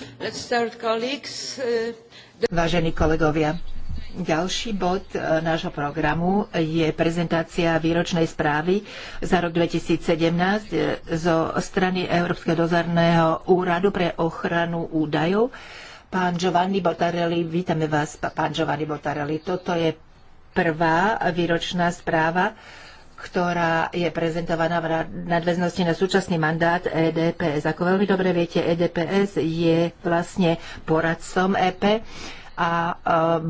Uh, Vážení kolegovia, ďalší bod uh, nášho programu je prezentácia výročnej správy za rok 2017 uh, zo strany Európskeho dozorného úradu pre ochranu údajov. Pán Giovanni Botarelli, vítame vás, pán Giovanni Botarelli. Toto je prvá výročná správa ktorá je prezentovaná v nadväznosti na súčasný mandát EDPS. Ako veľmi dobre viete, EDPS je vlastne poradcom EP a e,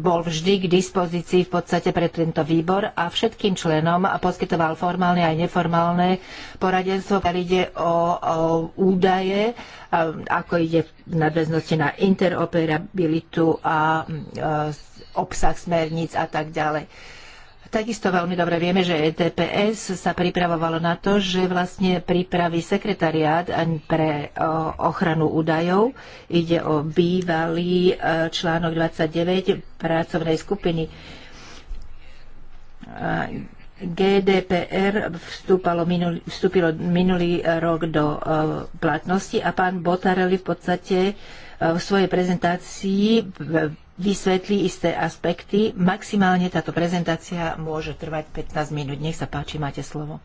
bol vždy k dispozícii v podstate pre tento výbor a všetkým členom poskytoval formálne aj neformálne poradenstvo, keď ide o, o údaje, e, ako ide v nadväznosti na interoperabilitu a, a e, obsah smerníc a tak ďalej. Takisto veľmi dobre vieme, že ETPS sa pripravovalo na to, že vlastne pripraví sekretariát pre ochranu údajov. Ide o bývalý e, článok 29 pracovnej skupiny. GDPR vstúpalo minulý, vstúpilo minulý rok do e, platnosti a pán Botarelli v podstate e, v svojej prezentácii vysvetlí isté aspekty. Maximálne táto prezentácia môže trvať 15 minút. Nech sa páči, máte slovo.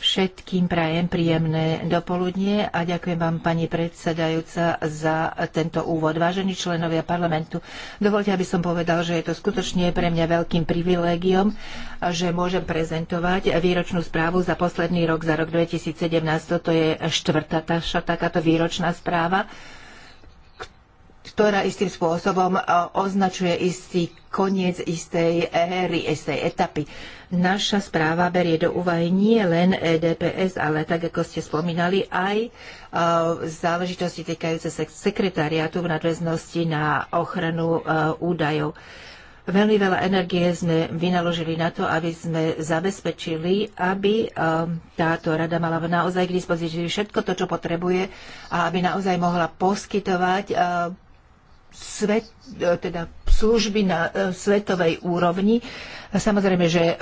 Všetkým prajem príjemné dopoludnie a ďakujem vám, pani predsedajúca, za tento úvod. Vážení členovia parlamentu, dovolte, aby som povedal, že je to skutočne pre mňa veľkým privilégiom, že môžem prezentovať výročnú správu za posledný rok, za rok 2017. Toto je štvrtá takáto výročná správa ktorá istým spôsobom e, označuje istý koniec istej éry, istej etapy. Naša správa berie do úvahy nie len EDPS, ale tak, ako ste spomínali, aj e, záležitosti týkajúce sa sekretariátu v nadväznosti na ochranu e, údajov. Veľmi veľa energie sme vynaložili na to, aby sme zabezpečili, aby táto rada mala naozaj k dispozícii všetko to, čo potrebuje a aby naozaj mohla poskytovať svet, e, teda služby na e, svetovej úrovni. Samozrejme, že e,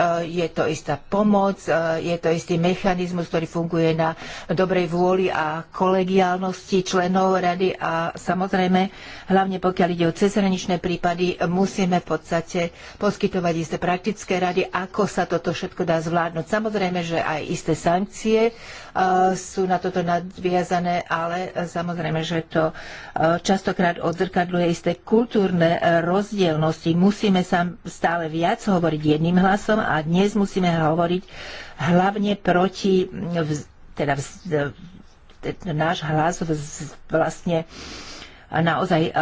je to istá pomoc, je to istý mechanizmus, ktorý funguje na dobrej vôli a kolegiálnosti členov rady a samozrejme, hlavne pokiaľ ide o cezhraničné prípady, musíme v podstate poskytovať isté praktické rady, ako sa toto všetko dá zvládnuť. Samozrejme, že aj isté sankcie E, sú na toto nadviazané, ale samozrejme, že to e, častokrát odzrkadluje isté kultúrne e, rozdielnosti. Musíme sa stále viac hovoriť jedným hlasom a dnes musíme hovoriť hlavne proti teda vz, náš hlas vz, vlastne naozaj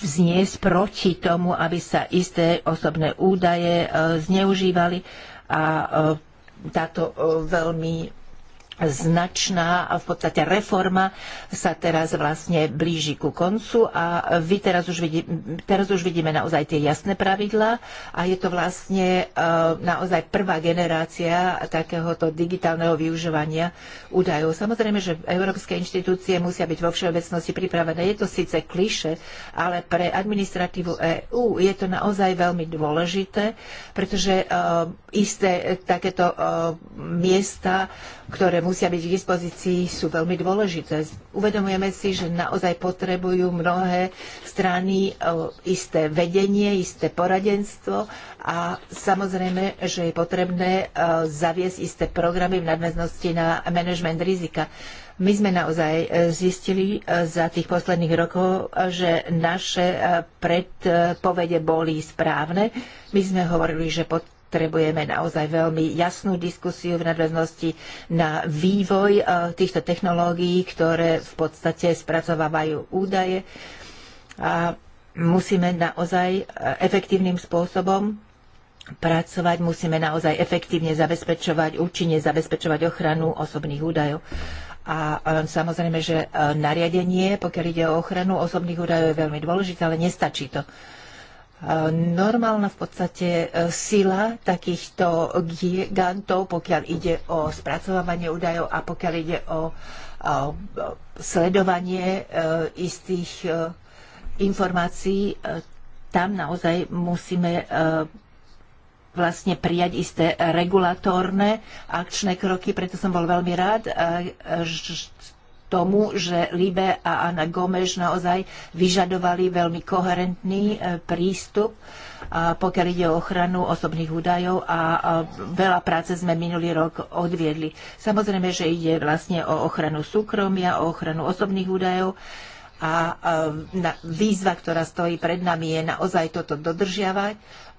vzniesť proti tomu, aby sa isté osobné údaje zneužívali a táto veľmi značná a v podstate reforma sa teraz vlastne blíži ku koncu a vy teraz už, vidí, teraz už vidíme naozaj tie jasné pravidlá a je to vlastne e, naozaj prvá generácia takéhoto digitálneho využívania údajov. Samozrejme, že európske inštitúcie musia byť vo všeobecnosti pripravené. Je to síce kliše, ale pre administratívu EÚ je to naozaj veľmi dôležité, pretože e, isté takéto e, miesta, ktoré musia byť k dispozícii, sú veľmi dôležité. Uvedomujeme si, že naozaj potrebujú mnohé strany e, isté vedenie, isté poradenstvo a samozrejme, že je potrebné e, zaviesť isté programy v nadväznosti na manažment rizika. My sme naozaj e, zistili za tých posledných rokov, že naše predpovede boli správne. My sme hovorili, že pod potrebujeme naozaj veľmi jasnú diskusiu v nadväznosti na vývoj e, týchto technológií, ktoré v podstate spracovávajú údaje. A musíme naozaj e, efektívnym spôsobom pracovať, musíme naozaj efektívne zabezpečovať, účinne zabezpečovať ochranu osobných údajov. A e, samozrejme, že nariadenie, pokiaľ ide o ochranu osobných údajov, je veľmi dôležité, ale nestačí to normálna v podstate e, sila takýchto gigantov, pokiaľ ide o spracovávanie údajov a pokiaľ ide o, sledovanie e, istých e, informácií, tam naozaj musíme vlastne prijať isté regulatórne akčné kroky, preto som bol veľmi rád, tomu, že Libe a Anna Gomes naozaj vyžadovali veľmi koherentný e, prístup, pokiaľ ide o ochranu osobných údajov a veľa práce sme minulý rok odviedli. Samozrejme, že ide vlastne o ochranu súkromia, o ochranu osobných údajov a výzva, ktorá stojí pred nami, je naozaj toto dodržiavať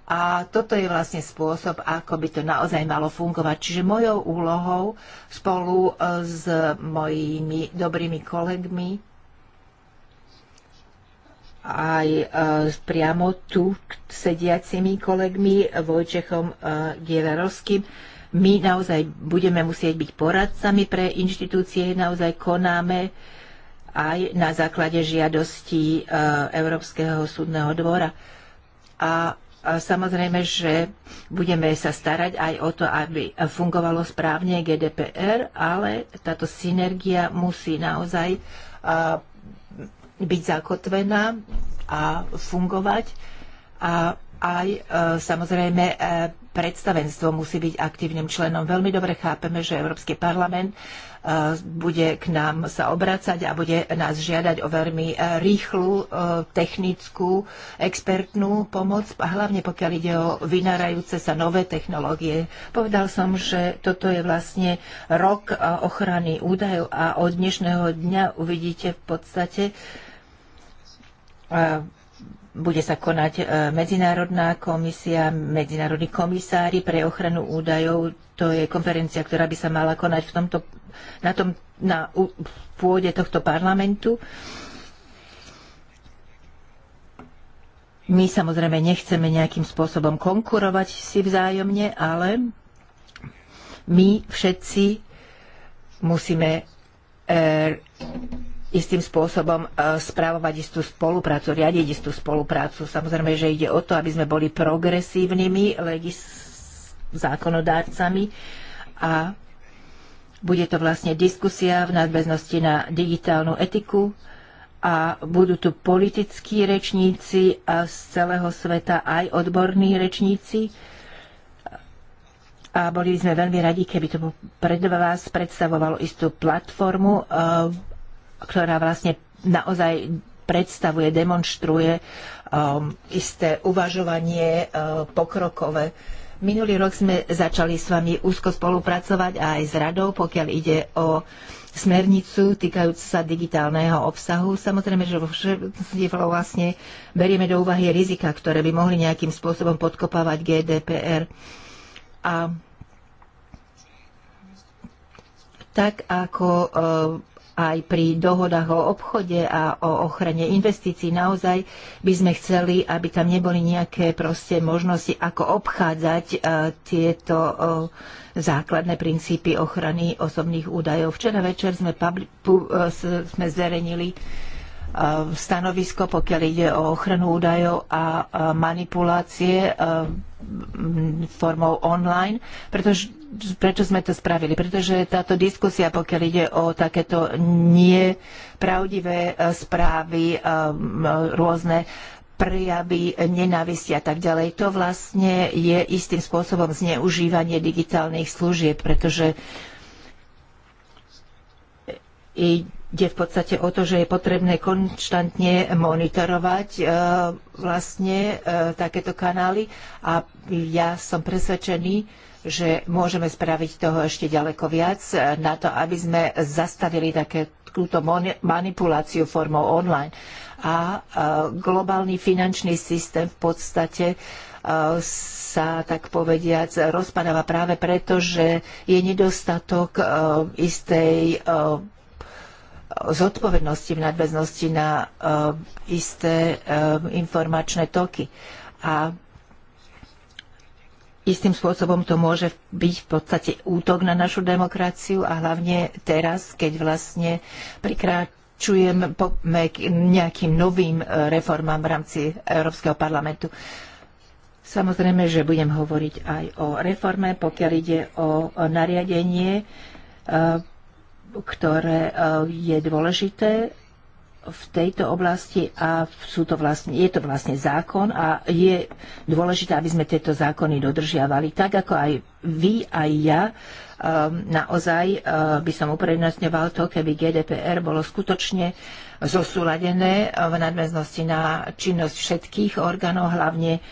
a toto je vlastne spôsob, ako by to naozaj malo fungovať. Čiže mojou úlohou spolu e, s mojimi dobrými kolegmi aj e, priamo tu sediacimi kolegmi Vojčechom e, Gielarovským. My naozaj budeme musieť byť poradcami pre inštitúcie, naozaj konáme aj na základe žiadosti Európskeho súdneho dvora. A Samozrejme, že budeme sa starať aj o to, aby fungovalo správne GDPR, ale táto synergia musí naozaj byť zakotvená a fungovať. A aj e, samozrejme e, predstavenstvo musí byť aktívnym členom. Veľmi dobre chápeme, že Európsky parlament e, bude k nám sa obracať a bude nás žiadať o veľmi rýchlu technickú expertnú pomoc, a hlavne pokiaľ ide o vynárajúce sa nové technológie. Povedal som, že toto je vlastne rok ochrany údajov a od dnešného dňa uvidíte v podstate bude sa konať e, medzinárodná komisia, medzinárodní komisári pre ochranu údajov. To je konferencia, ktorá by sa mala konať v tomto, na, tom, na pôde tohto parlamentu. My samozrejme nechceme nejakým spôsobom konkurovať si vzájomne, ale my všetci musíme e, istým spôsobom e, správovať istú spoluprácu, riadiť istú spoluprácu. Samozrejme, že ide o to, aby sme boli progresívnymi legis- zákonodárcami a bude to vlastne diskusia v nadväznosti na digitálnu etiku a budú tu politickí rečníci a z celého sveta aj odborní rečníci a boli sme veľmi radi, keby to pred vás predstavovalo istú platformu e, ktorá vlastne naozaj predstavuje, demonstruje um, isté uvažovanie uh, pokrokové. Minulý rok sme začali s vami úzko spolupracovať aj s radou, pokiaľ ide o smernicu týkajúcu sa digitálneho obsahu. Samozrejme, že vo vlastne berieme do úvahy rizika, ktoré by mohli nejakým spôsobom podkopávať GDPR. A tak ako uh, aj pri dohodách o obchode a o ochrane investícií. Naozaj by sme chceli, aby tam neboli nejaké proste možnosti, ako obchádzať e, tieto e, základné princípy ochrany osobných údajov. Včera večer sme, e, sme zverejnili stanovisko, pokiaľ ide o ochranu údajov a manipulácie formou online, pretože prečo sme to spravili? Pretože táto diskusia, pokiaľ ide o takéto nepravdivé e, správy, e, rôzne prejavy nenávisti a tak ďalej. To vlastne je istým spôsobom zneužívanie digitálnych služieb, pretože ide v podstate o to, že je potrebné konštantne monitorovať e, vlastne takéto kanály a ja som presvedčený, že môžeme spraviť toho ešte ďaleko viac e, na to, aby sme zastavili také túto manipuláciu formou online. A e, globálny finančný systém v podstate e, sa tak povediac rozpadáva práve preto, že je nedostatok istej zodpovednosti v nadväznosti na isté informačné toky. A istým spôsobom to môže byť v podstate útok na našu demokraciu a hlavne teraz, keď vlastne prikrát čujem k nejakým novým e, reformám v rámci Európskeho parlamentu. Samozrejme, že budem hovoriť aj o reforme, pokiaľ ide o nariadenie, e, ktoré e, je dôležité v tejto oblasti a sú to vlastne, je to vlastne zákon a je dôležité, aby sme tieto zákony dodržiavali. Tak ako aj vy, aj ja, um, naozaj uh, by som uprednostňoval to, keby GDPR bolo skutočne zosúladené ehm, v nadväznosti na činnosť všetkých orgánov, hlavne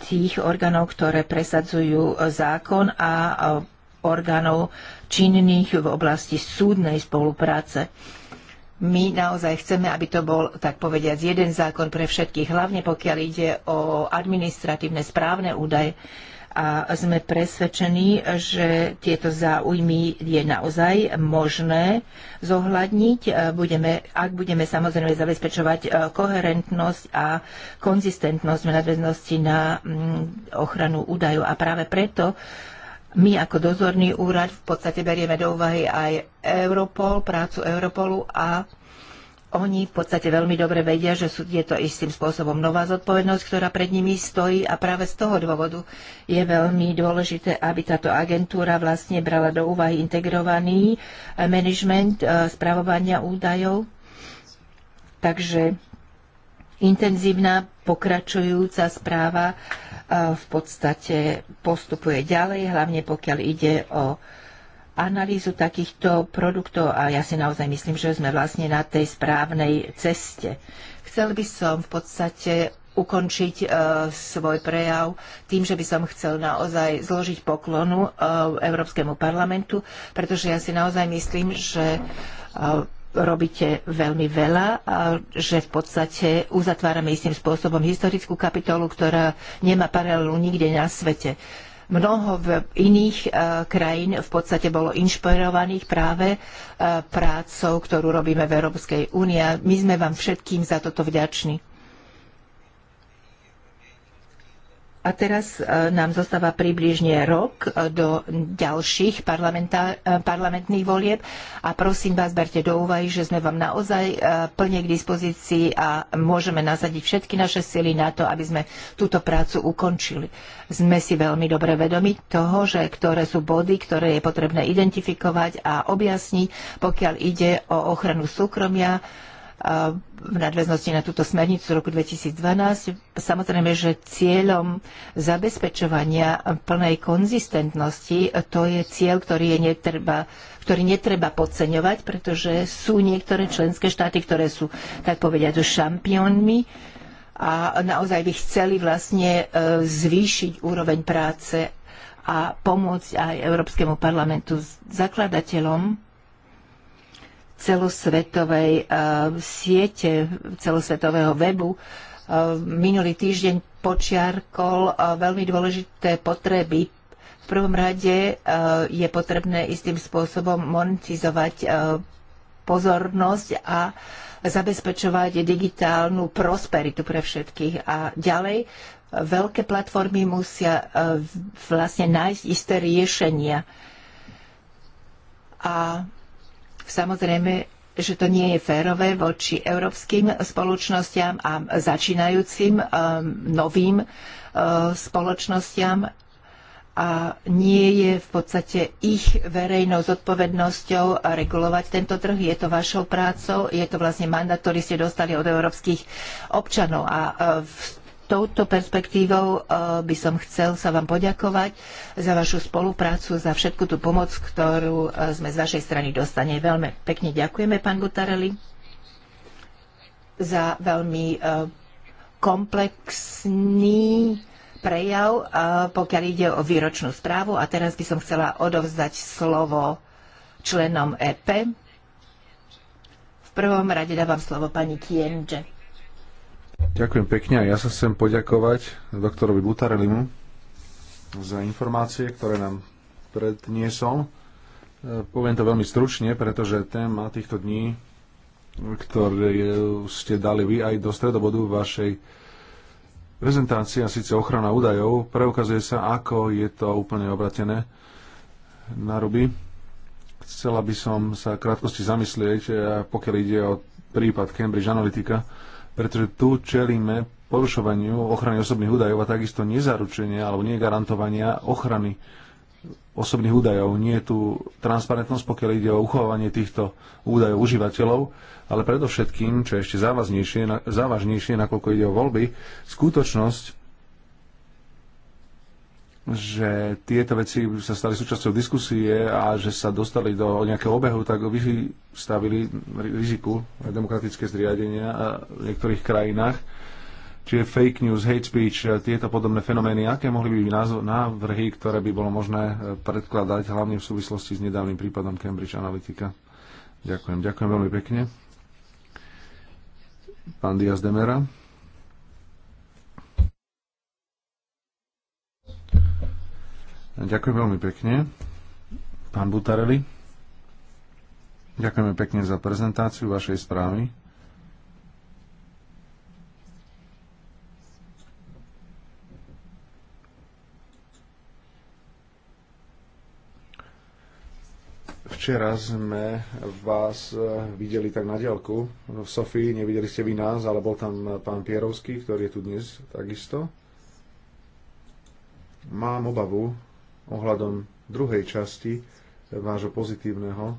tých orgánov, ktoré presadzujú zákon a orgánov činných v oblasti súdnej spolupráce my naozaj chceme, aby to bol, tak povediať, jeden zákon pre všetkých, hlavne pokiaľ ide o administratívne správne údaje. A sme presvedčení, že tieto záujmy je naozaj možné zohľadniť, budeme, ak budeme samozrejme zabezpečovať e, koherentnosť a konzistentnosť v nadväznosti na mm, ochranu údajov. A práve preto my ako dozorný úrad v podstate berieme do úvahy aj Europol, prácu Europolu a oni v podstate veľmi dobre vedia, že sú, je to istým spôsobom nová zodpovednosť, ktorá pred nimi stojí a práve z toho dôvodu je veľmi dôležité, aby táto agentúra vlastne brala do úvahy integrovaný eh, management eh, spravovania údajov. Takže intenzívna pokračujúca správa v podstate postupuje ďalej, hlavne pokiaľ ide o analýzu takýchto produktov a ja si naozaj myslím, že sme vlastne na tej správnej ceste. Chcel by som v podstate ukončiť e, svoj prejav tým, že by som chcel naozaj zložiť poklonu e, Európskemu parlamentu, pretože ja si naozaj myslím, že e, robíte veľmi veľa a že v podstate uzatvárame istým spôsobom historickú kapitolu, ktorá nemá paralelu nikde na svete. Mnoho v iných e, krajín v podstate bolo inšpirovaných práve e, prácou, ktorú robíme v Európskej únii a my sme vám všetkým za toto vďační. A teraz e, nám zostáva približne rok e, do ďalších e, parlamentných volieb a prosím vás, berte do úvahy, že sme vám naozaj plne k dispozícii a môžeme nasadiť všetky naše sily na to, aby sme túto prácu ukončili. Sme si veľmi dobre vedomi toho, že ktoré sú body, ktoré je potrebné identifikovať a objasniť, pokiaľ ide o ochranu súkromia, Eh, v nadväznosti na túto smernicu roku 2012. Samozrejme, že cieľom zabezpečovania plnej konzistentnosti eh, to je cieľ, ktorý, je netreba, ktorý netreba podceňovať, pretože sú niektoré členské štáty, ktoré sú, tak povediať, šampiónmi a naozaj by chceli vlastne eh, zvýšiť úroveň práce a pomôcť aj Európskemu parlamentu zakladateľom celosvetovej eh, siete, celosvetového webu eh, minulý týždeň počiarkol eh, veľmi dôležité potreby. V prvom rade je potrebné istým spôsobom monetizovať pozornosť a zabezpečovať digitálnu prosperitu pre všetkých. A ďalej, veľké platformy musia vlastne nájsť isté riešenia. A Samozrejme, že to nie je férové voči európskym spoločnostiam a začínajúcim um, novým uh, spoločnostiam a nie je v podstate ich verejnou zodpovednosťou regulovať tento trh. Je to vašou prácou, je to vlastne mandát, ktorý ste dostali od európskych občanov a uh, v touto perspektívou eh, by som chcel sa vám poďakovať za vašu spoluprácu, za všetku tú pomoc, ktorú eh, sme z vašej strany dostane. Veľmi pekne ďakujeme, pán Gutarelli, za veľmi eh, komplexný prejav, pokiaľ ide o výročnú správu. A teraz by som chcela odovzdať slovo členom EP. V prvom rade dávam slovo pani Kienže. Ďakujem pekne a ja sa chcem poďakovať doktorovi Butarelimu za informácie, ktoré nám predniesol. E, poviem to veľmi stručne, pretože téma týchto dní, ktoré ste dali vy aj do stredobodu vašej prezentácie, a síce ochrana údajov, preukazuje sa, ako je to úplne obratené na ruby. Chcela by som sa krátkosti zamyslieť, e, pokiaľ ide o prípad Cambridge Analytica, pretože tu čelíme porušovaniu ochrany osobných údajov a takisto nezaručenia alebo negarantovania ochrany osobných údajov. Nie je tu transparentnosť, pokiaľ ide o uchovanie týchto údajov užívateľov, ale predovšetkým, čo je ešte závažnejšie, závažnejšie nakoľko ide o voľby, skutočnosť, že tieto veci sa stali súčasťou diskusie a že sa dostali do nejakého obehu, tak vystavili riziku demokratické zriadenia v niektorých krajinách. Čiže fake news, hate speech, tieto podobné fenomény, aké mohli by byť návrhy, ktoré by bolo možné eh, predkladať, hlavne v súvislosti s nedávnym prípadom Cambridge Analytica. Ďakujem, ďakujem veľmi pekne. Pán Diaz Demera. Ďakujem veľmi pekne. Pán Butareli, ďakujeme pekne za prezentáciu vašej správy. Včera sme vás videli tak na diaľku v Sofii, nevideli ste vy nás, ale bol tam pán Pierovský, ktorý je tu dnes takisto. Mám obavu, ohľadom druhej časti vášho pozitívneho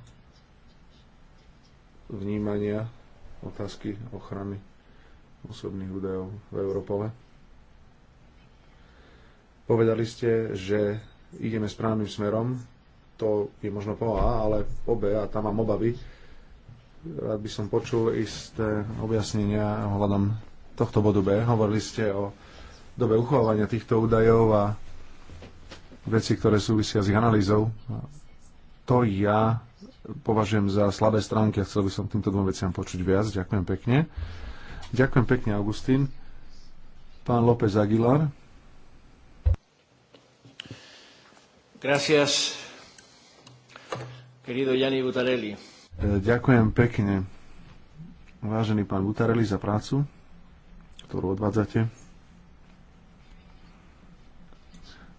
vnímania otázky ochrany osobných údajov v Európole. Povedali ste, že ideme správnym smerom, to je možno po A, ale po B a tam mám obavy. Rád by som počul isté objasnenia ohľadom tohto bodu B. Hovorili ste o dobe uchovávania týchto údajov a veci, ktoré súvisia s ich analýzou, to ja považujem za slabé stránky a chcel by som týmto dvom veciam počuť viac. Ďakujem pekne. Ďakujem pekne, Augustín. Pán López Aguilar. Gracias, querido Gianni Butarelli. Ďakujem pekne, vážený pán Butarelli, za prácu, ktorú odvádzate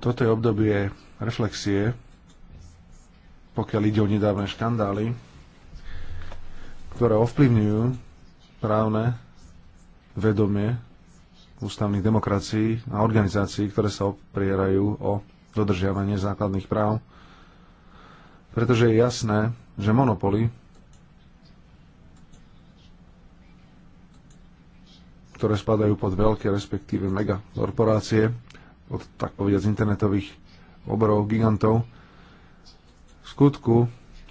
Toto je obdobie reflexie, pokiaľ ide o nedávne škandály, ktoré ovplyvňujú právne vedomie ústavných demokracií a organizácií, ktoré sa oprierajú o dodržiavanie základných práv. Pretože je jasné, že monopoly, ktoré spadajú pod veľké, respektíve megakorporácie, od tak povediať z internetových oborov gigantov, v skutku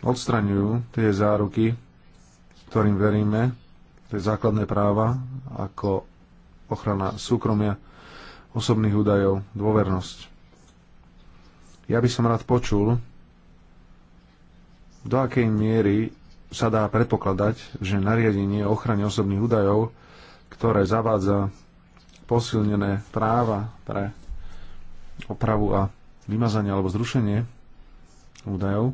odstraňujú tie záruky, ktorým veríme, tie základné práva, ako ochrana súkromia, osobných údajov, dôvernosť. Ja by som rád počul, do akej miery sa dá predpokladať, že nariadenie o ochrane osobných údajov, ktoré zavádza posilnené práva pre opravu a vymazanie alebo zrušenie údajov,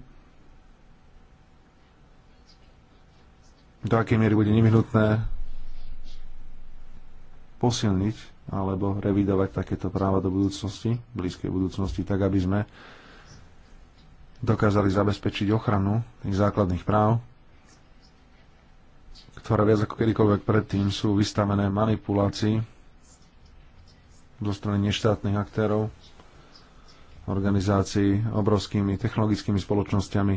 do akej miery bude nevyhnutné posilniť alebo revidovať takéto práva do budúcnosti, blízkej budúcnosti, tak aby sme dokázali zabezpečiť ochranu tých základných práv, ktoré viac ako kedykoľvek predtým sú vystavené manipulácii zo strany neštátnych aktérov, organizácií, obrovskými technologickými spoločnosťami,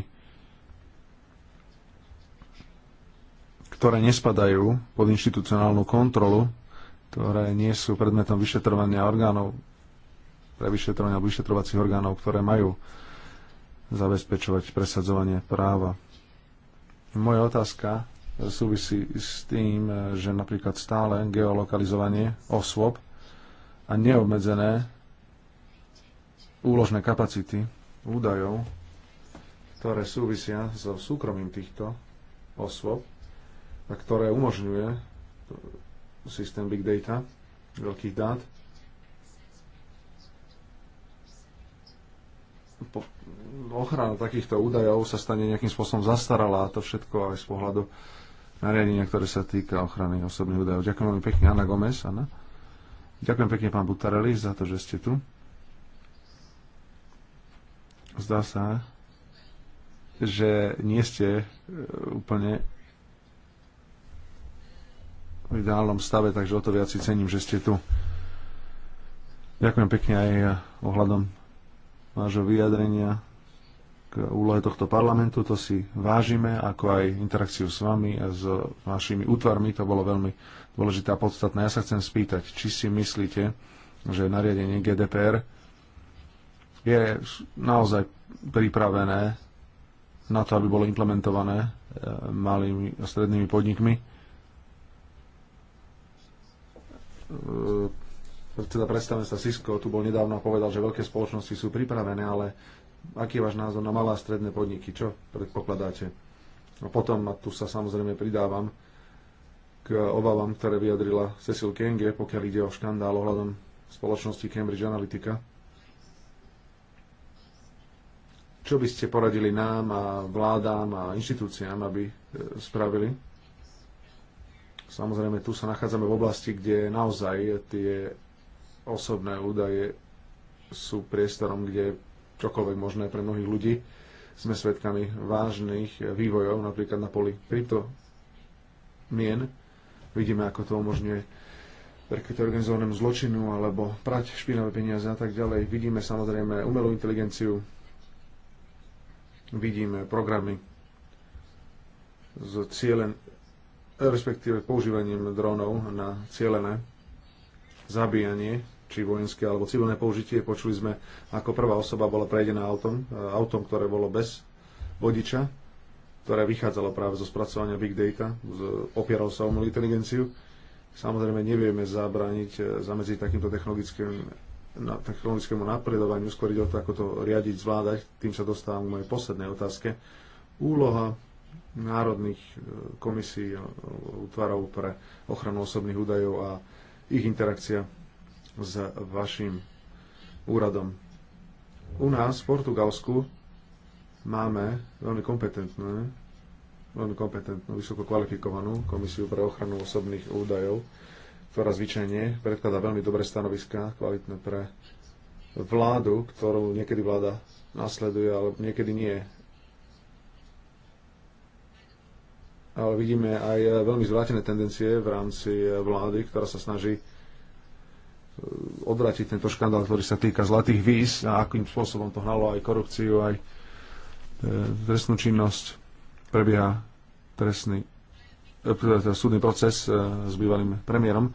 ktoré nespadajú pod inštitucionálnu kontrolu, ktoré nie sú predmetom vyšetrovania orgánov, pre vyšetrovania alebo vyšetrovacích orgánov, ktoré majú zabezpečovať presadzovanie práva. Moja otázka súvisí s tým, že napríklad stále geolokalizovanie osôb a neobmedzené úložné kapacity údajov, ktoré súvisia so súkromím týchto osôb a ktoré umožňuje systém big data, veľkých dát. Po, ochrana takýchto údajov sa stane nejakým spôsobom zastarala a to všetko aj z pohľadu nariadenia, ktoré sa týka ochrany osobných údajov. Ďakujem veľmi pekne, Anna Gomez. Anna. Ďakujem pekne, pán Butarelli, za to, že ste tu. Zdá sa, že nie ste e, úplne v ideálnom stave, takže o to viac si cením, že ste tu. Ďakujem pekne aj e, ohľadom vášho vyjadrenia k úlohe tohto parlamentu. To si vážime, ako aj interakciu s vami a s vašimi útvarmi. To bolo veľmi dôležité a podstatné. Ja sa chcem spýtať, či si myslíte, že nariadenie GDPR je naozaj pripravené na to, aby bolo implementované eh, malými a strednými podnikmi. Eh, teda Predseda sa Cisco tu bol nedávno a povedal, že veľké spoločnosti sú pripravené, ale aký je váš názor na malé a stredné podniky? Čo predpokladáte? A potom, a tu sa samozrejme pridávam, k obavám, ktoré vyjadrila Cecil Kenge, pokiaľ ide o škandál ohľadom spoločnosti Cambridge Analytica Čo by ste poradili nám a vládám a inštitúciám, aby e, spravili? Samozrejme, tu sa nachádzame v oblasti, kde naozaj tie osobné údaje sú priestorom, kde čokoľvek možné pre mnohých ľudí. Sme svedkami vážnych vývojov, napríklad na poli krypto mien. Vidíme, ako to umožňuje prekryté organizovanému zločinu alebo prať špinavé peniaze a tak ďalej. Vidíme samozrejme umelú inteligenciu, vidíme programy s cieľen, respektíve používaním dronov na cieľené zabíjanie, či vojenské alebo civilné použitie. Počuli sme, ako prvá osoba bola prejdená autom, autom, ktoré bolo bez vodiča, ktoré vychádzalo práve zo spracovania big data, opieral sa o inteligenciu. Samozrejme nevieme zabrániť, zamedziť takýmto technologickým na technologickému napredovaniu, skôr ide o to, ako to riadiť, zvládať. Tým sa dostávam k mojej poslednej otázke. Úloha národných e, komisí, e, útvarov pre ochranu osobných údajov a ich interakcia s vašim úradom. U nás v Portugalsku máme veľmi kompetentnú, veľmi kompetentnú, vysoko kvalifikovanú komisiu pre ochranu osobných údajov, ktorá zvyčajne predkladá veľmi dobré stanoviská, kvalitné pre vládu, ktorú niekedy vláda nasleduje, ale niekedy nie. Ale vidíme aj veľmi zvrátené tendencie v rámci vlády, ktorá sa snaží e, odvratiť tento škandál, ktorý sa týka zlatých víz a akým spôsobom to hnalo aj korupciu, aj e, trestnú činnosť. Prebieha trestný E, súdny proces e, s bývalým premiérom.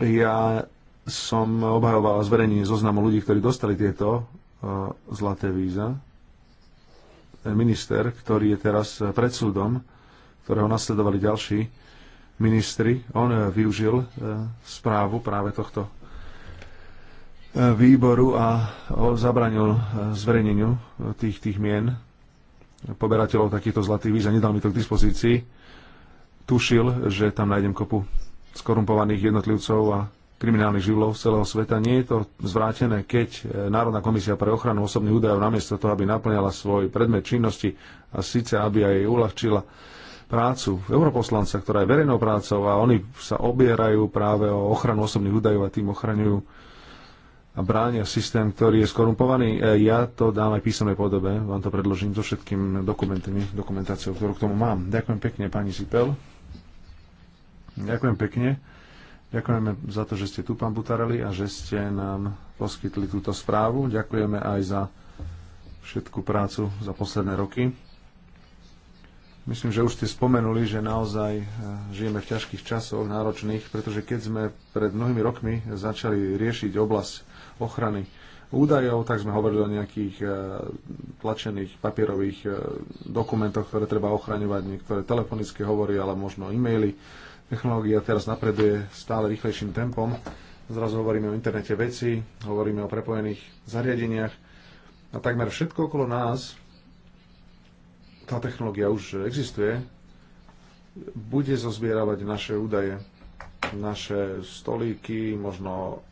Ja som obhajoval zverejnenie zoznamu ľudí, ktorí dostali tieto e, zlaté víza. Ten minister, ktorý je teraz pred súdom, ktorého nasledovali ďalší ministri, on využil správu práve tohto výboru a zabranil zverejneniu tých, tých mien poberateľov takýchto zlatých víz a nedal mi to k dispozícii. Tušil, že tam nájdem kopu skorumpovaných jednotlivcov a kriminálnych živlov z celého sveta. Nie je to zvrátené, keď e, Národná komisia pre ochranu osobných údajov namiesto toho, aby naplňala svoj predmet činnosti a síce, aby aj uľahčila prácu europoslanca, ktorá je verejnou prácou a oni sa obierajú práve o ochranu osobných údajov a tým ochraňujú a bránia systém, ktorý je skorumpovaný. E, ja to dám aj písomnej podobe, vám to predložím so všetkým dokumentami, dokumentáciou, ktorú k tomu mám. Ďakujem pekne, pani Sipel. Ďakujem pekne. Ďakujeme za to, že ste tu, pán Butareli, a že ste nám poskytli túto správu. Ďakujeme aj za všetku prácu za posledné roky. Myslím, že už ste spomenuli, že naozaj e, žijeme v ťažkých časoch, náročných, pretože keď sme pred mnohými rokmi začali riešiť oblasť ochrany údajov, tak sme hovorili o nejakých e, tlačených papierových e, dokumentoch, ktoré treba ochraňovať, niektoré telefonické hovory, ale možno e-maily. Technológia teraz napreduje stále rýchlejším tempom. Zrazu hovoríme o internete veci, hovoríme o prepojených zariadeniach a takmer všetko okolo nás, tá technológia už existuje, bude zozbieravať naše údaje, naše stolíky, možno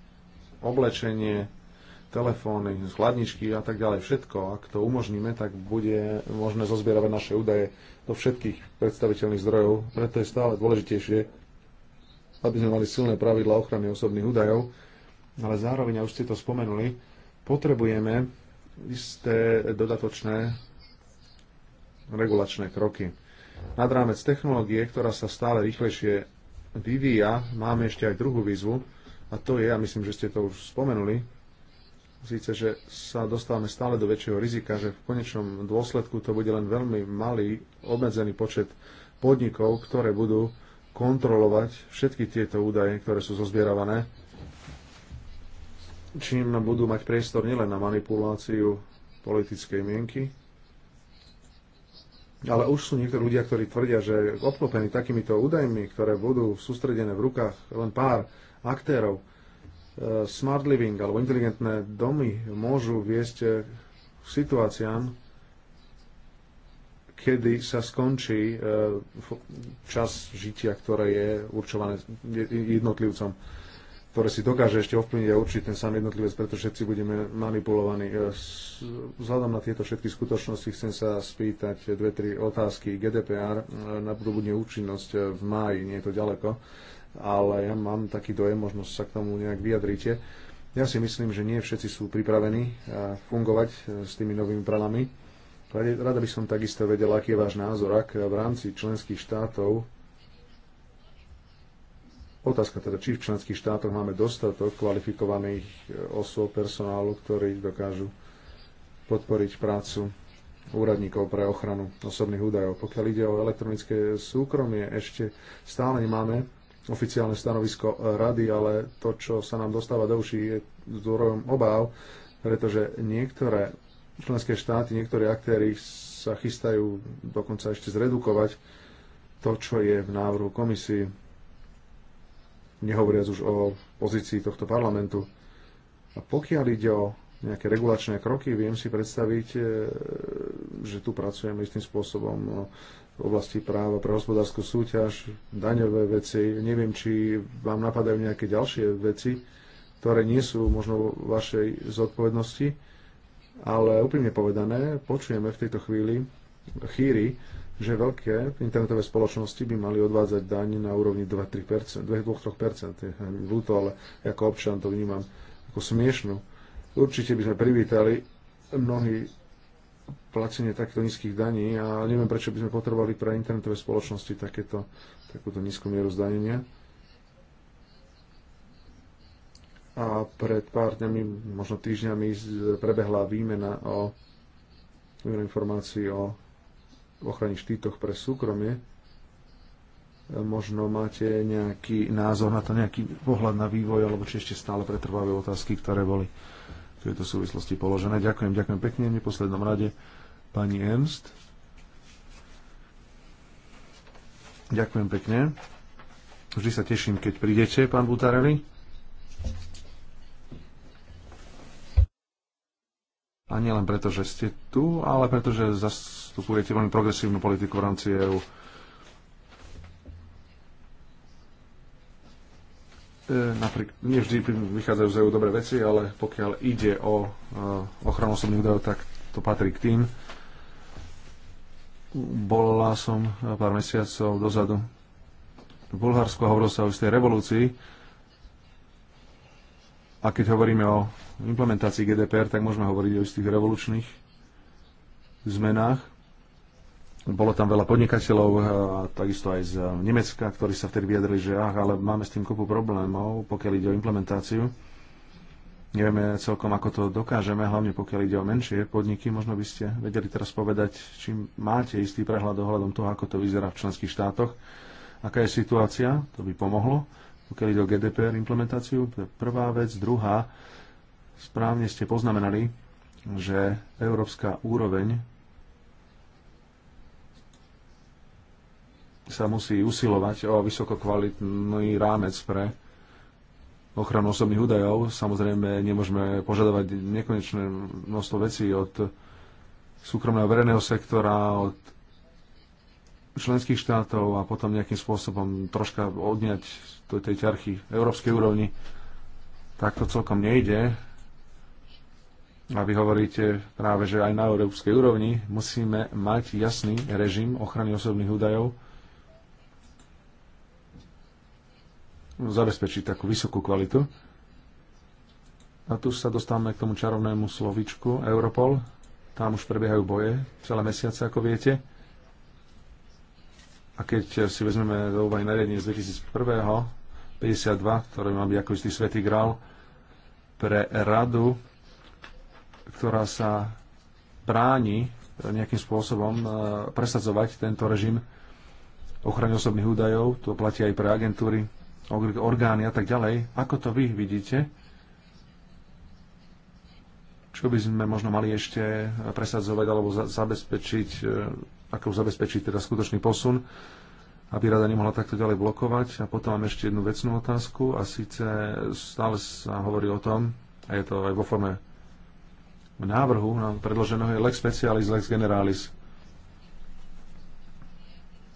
oblečenie, telefóny, chladničky a tak ďalej, všetko. Ak to umožníme, tak bude možné zozbierať naše údaje do všetkých predstaviteľných zdrojov. Preto je stále dôležitejšie, aby sme mali silné pravidla ochrany osobných údajov, ale zároveň, a už ste to spomenuli, potrebujeme isté dodatočné regulačné kroky. Nad rámec technológie, ktorá sa stále rýchlejšie vyvíja, máme ešte aj druhú výzvu, a to je, a myslím, že ste to už spomenuli, síce, že sa dostávame stále do väčšieho rizika, že v konečnom dôsledku to bude len veľmi malý, obmedzený počet podnikov, ktoré budú kontrolovať všetky tieto údaje, ktoré sú zozbieravané, čím budú mať priestor nielen na manipuláciu politickej mienky, ale už sú niektorí ľudia, ktorí tvrdia, že obklopení takýmito údajmi, ktoré budú sústredené v rukách len pár aktérov. E, smart living alebo inteligentné domy môžu viesť e, k situáciám, kedy sa skončí e, čas žitia, ktoré je určované jednotlivcom ktoré si dokáže ešte ovplyvniť a určiť ten sám jednotlivec, pretože všetci budeme manipulovaní. Vzhľadom na tieto všetky skutočnosti chcem sa spýtať dve, tri otázky. GDPR nadobudne účinnosť v máji, nie je to ďaleko ale ja mám taký dojem, možno sa k tomu nejak vyjadrite. Ja si myslím, že nie všetci sú pripravení eh, fungovať eh, s tými novými pravami. Rada by som takisto vedela, aký je váš názor, ak v rámci členských štátov Otázka teda, či v členských štátoch máme dostatok kvalifikovaných eh, osôb, personálu, ktorí dokážu podporiť prácu úradníkov pre ochranu osobných údajov. Pokiaľ ide o elektronické súkromie, ešte stále nemáme oficiálne stanovisko e, rady, ale to, čo sa nám dostáva do uší, je zdrojom obáv, pretože niektoré členské štáty, niektorí aktéry sa chystajú dokonca ešte zredukovať to, čo je v návrhu komisii, nehovoriac už o pozícii tohto parlamentu. A pokiaľ ide o nejaké regulačné kroky, viem si predstaviť, e, že tu pracujeme istým spôsobom no, v oblasti práva pre hospodárskú súťaž, daňové veci. Neviem, či vám napadajú nejaké ďalšie veci, ktoré nie sú možno vašej zodpovednosti, ale úprimne povedané, počujeme v tejto chvíli chýry, že veľké internetové spoločnosti by mali odvádzať daň na úrovni 2-3%, 2-3%. Ľúto, ale ako občan to vnímam ako smiešnú. Určite by sme privítali mnohí placenie takto nízkych daní a neviem, prečo by sme potrebovali pre internetové spoločnosti takéto, takúto nízku mieru zdanenia. A pred pár dňami, možno týždňami, prebehla výmena o výmena informácií o ochrane štítoch pre súkromie. Možno máte nejaký názor na to, nejaký pohľad na vývoj, alebo či ešte stále pretrvávajú otázky, ktoré boli v tejto súvislosti položené. Ďakujem, ďakujem pekne. V neposlednom rade pani Ernst. Ďakujem pekne. Vždy sa teším, keď prídete, pán Butareli. A nielen preto, že ste tu, ale preto, že zastupujete veľmi progresívnu politiku v rámci EÚ. E, napriek, nie vždy vychádzajú z EU dobré veci, ale pokiaľ ide o e, ochranu osobných údajov, tak to patrí k tým. Bola som e, pár mesiacov dozadu v Bulharsku a hovoril sa o istej revolúcii. A keď hovoríme o implementácii GDPR, tak môžeme hovoriť o istých revolučných zmenách, bolo tam veľa podnikateľov, eh, takisto aj z eh, Nemecka, ktorí sa vtedy vyjadrili, že ach, ale máme s tým kopu problémov, pokiaľ ide o implementáciu. Nevieme celkom, ako to dokážeme, hlavne pokiaľ ide o menšie podniky. Možno by ste vedeli teraz povedať, či máte istý prehľad ohľadom toho, ako to vyzerá v členských štátoch, aká je situácia, to by pomohlo. Pokiaľ ide o GDPR implementáciu, to je prvá vec. Druhá, správne ste poznamenali, že európska úroveň sa musí usilovať o vysokokvalitný rámec pre ochranu osobných údajov. Samozrejme, nemôžeme požadovať nekonečné množstvo vecí od súkromného verejného sektora, od členských štátov a potom nejakým spôsobom troška odňať do tej ťarchy európskej úrovni. Tak to celkom nejde. A vy hovoríte práve, že aj na európskej úrovni musíme mať jasný režim ochrany osobných údajov, zabezpečiť takú vysokú kvalitu. A tu sa dostávame k tomu čarovnému slovičku Europol. Tam už prebiehajú boje celé mesiace, ako viete. A keď si vezmeme do úvahy nariadenie z 2001. 52, ktoré má byť ako istý svetý grál pre radu, ktorá sa bráni nejakým spôsobom e, presadzovať tento režim ochrany osobných údajov. To platí aj pre agentúry, orgány a tak ďalej. Ako to vy vidíte? Čo by sme možno mali ešte presadzovať alebo za, zabezpečiť, e, ako zabezpečiť teda skutočný posun, aby rada nemohla takto ďalej blokovať. A potom mám ešte jednu vecnú otázku a síce stále sa hovorí o tom, a je to aj vo forme návrhu nám predloženého je lex specialis, lex generalis.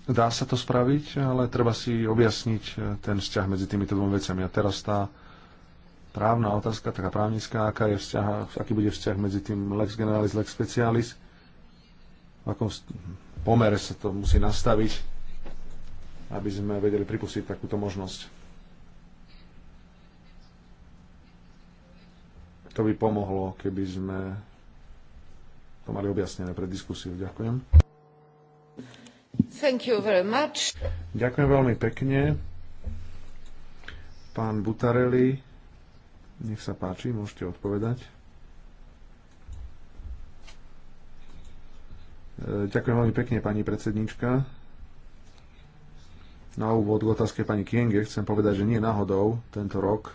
Dá sa to spraviť, ale treba si objasniť eh, ten vzťah medzi týmito dvomi vecami. A teraz tá právna otázka, taká právnická, aká je vzťah, aký bude vzťah medzi tým lex generalis, lex specialis, v akom pomere sa to musí nastaviť, aby sme vedeli pripustiť takúto možnosť. To by pomohlo, keby sme to mali objasnené pred diskusiou. Ďakujem. Ďakujem veľmi pekne. Pán Butarelli, nech sa páči, môžete odpovedať. E, ďakujem veľmi pekne, pani predsednička. Na úvod k otázke pani Kienge chcem povedať, že nie náhodou tento rok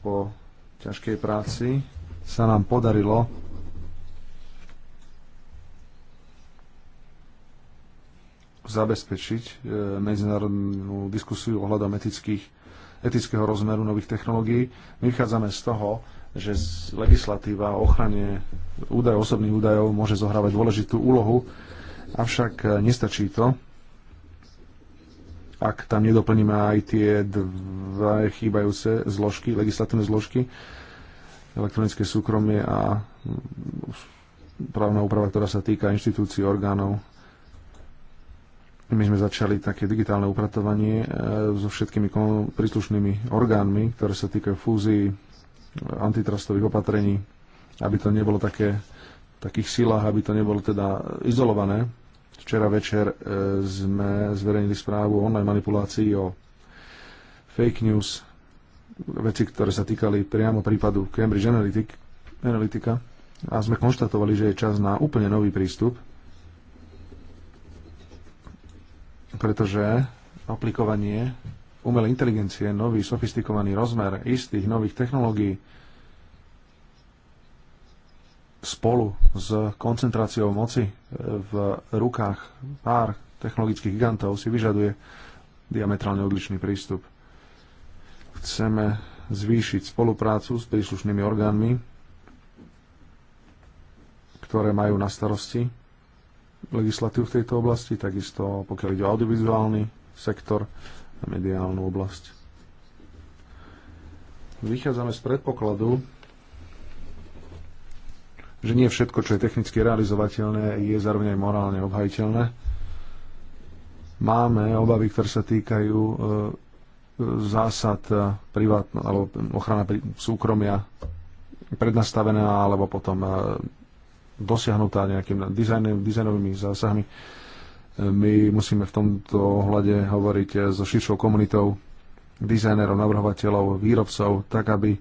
po ťažkej práci sa nám podarilo zabezpečiť e, medzinárodnú diskusiu ohľadom etických, etického rozmeru nových technológií. My vychádzame z toho, že legislatíva o ochrane údajov, osobných údajov môže zohrávať dôležitú úlohu, avšak e, nestačí to, ak tam nedoplníme aj tie dva chýbajúce zložky, legislatívne zložky, elektronické súkromie a právna úprava, ktorá sa týka inštitúcií, orgánov my sme začali také digitálne upratovanie e, so všetkými príslušnými orgánmi, ktoré sa týkajú fúzií, e, antitrustových opatrení, aby to nebolo také, takých silách, aby to nebolo teda izolované. Včera večer e, sme zverejnili správu o online manipulácii, o fake news, veci, ktoré sa týkali priamo prípadu Cambridge Analytica a sme konštatovali, že je čas na úplne nový prístup pretože aplikovanie umelej inteligencie, nový sofistikovaný rozmer istých nových technológií spolu s koncentráciou moci e, v rukách pár technologických gigantov si vyžaduje diametrálne odlišný prístup. Chceme zvýšiť spoluprácu s príslušnými orgánmi, ktoré majú na starosti legislatív v tejto oblasti, takisto pokiaľ ide o audiovizuálny sektor a mediálnu oblasť. Vychádzame z predpokladu, že nie všetko, čo je technicky realizovateľné, je zároveň aj morálne obhajiteľné. Máme obavy, ktoré sa týkajú e, zásad e, privátno, alebo ochrana súkromia prednastavená, alebo potom e, dosiahnutá nejakým dizajnem, dizajnovými zásahmi. My musíme v tomto ohľade hovoriť so širšou komunitou dizajnerov, navrhovateľov, výrobcov, tak aby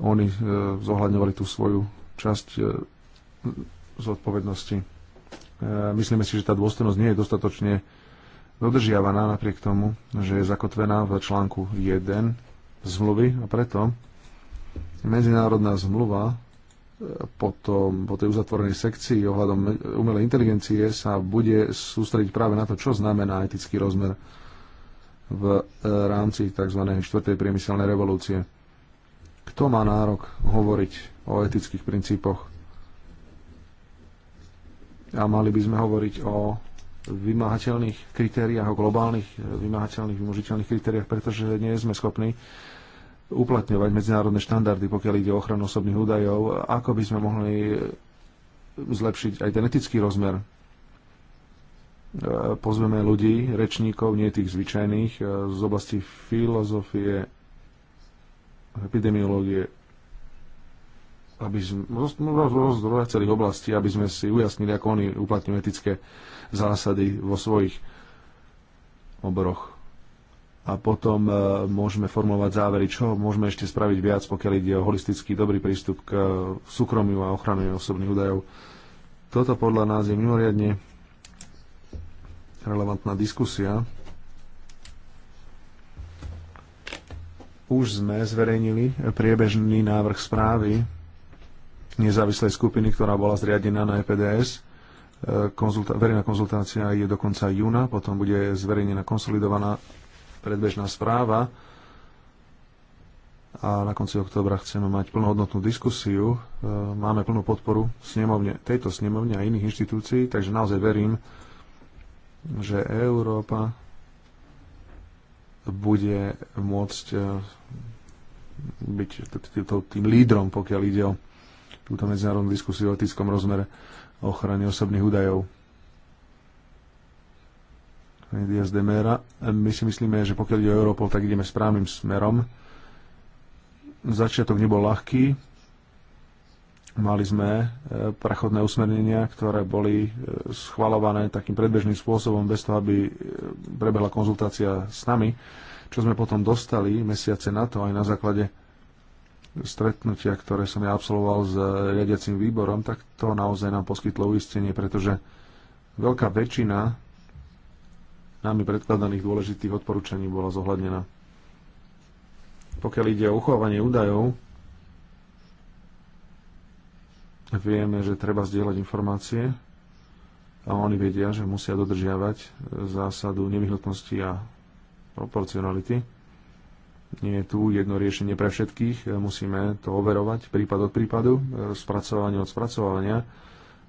oni e, zohľadňovali tú svoju časť e, zodpovednosti. E, myslíme si, že tá dôstojnosť nie je dostatočne dodržiavaná napriek tomu, že je zakotvená v článku 1 zmluvy a preto medzinárodná zmluva potom po tej uzatvorenej sekcii ohľadom umelej inteligencie sa bude sústrediť práve na to, čo znamená etický rozmer v rámci tzv. štvrtej priemyselnej revolúcie. Kto má nárok hovoriť o etických princípoch? A mali by sme hovoriť o vymáhateľných kritériách, o globálnych vymáhateľných, vymožiteľných kritériách, pretože nie sme schopní uplatňovať medzinárodné štandardy, pokiaľ ide o ochranu osobných údajov, ako by sme mohli zlepšiť aj ten etický rozmer. E, pozveme ľudí, rečníkov, nie tých zvyčajných, e, z oblasti filozofie, epidemiológie, aby sme, z celých oblastí, aby sme si ujasnili, ako oni uplatňujú etické zásady vo svojich oboroch a potom e, môžeme formovať závery, čo môžeme ešte spraviť viac, pokiaľ ide o holistický dobrý prístup k e, súkromiu a ochrane osobných údajov. Toto podľa nás je mimoriadne relevantná diskusia. Už sme zverejnili priebežný návrh správy nezávislej skupiny, ktorá bola zriadená na EPDS. E, konzulta- verejná konzultácia je do konca júna, potom bude zverejnená konsolidovaná predbežná správa a na konci oktobra chceme mať plnohodnotnú diskusiu. E, máme plnú podporu snemovne, tejto snemovne a iných inštitúcií, takže naozaj verím, že Európa bude môcť e, byť tým lídrom, pokiaľ ide o túto medzinárodnú diskusiu o etickom rozmere ochrany osobných údajov pani de Mera. My si myslíme, že pokiaľ ide o Európol, tak ideme správnym smerom. Začiatok nebol ľahký. Mali sme e, prechodné usmernenia, ktoré boli e, schvalované takým predbežným spôsobom, bez toho, aby e, prebehla konzultácia s nami, čo sme potom dostali mesiace na to aj na základe stretnutia, ktoré som ja absolvoval s riadiacim výborom, tak to naozaj nám poskytlo uistenie, pretože veľká väčšina nami predkladaných dôležitých odporúčaní bola zohľadnená. Pokiaľ ide o uchovanie údajov, vieme, že treba zdieľať informácie a oni vedia, že musia dodržiavať zásadu nevyhnutnosti a proporcionality. Nie je tu jedno riešenie pre všetkých, musíme to overovať prípad od prípadu, e, spracovanie od spracovania,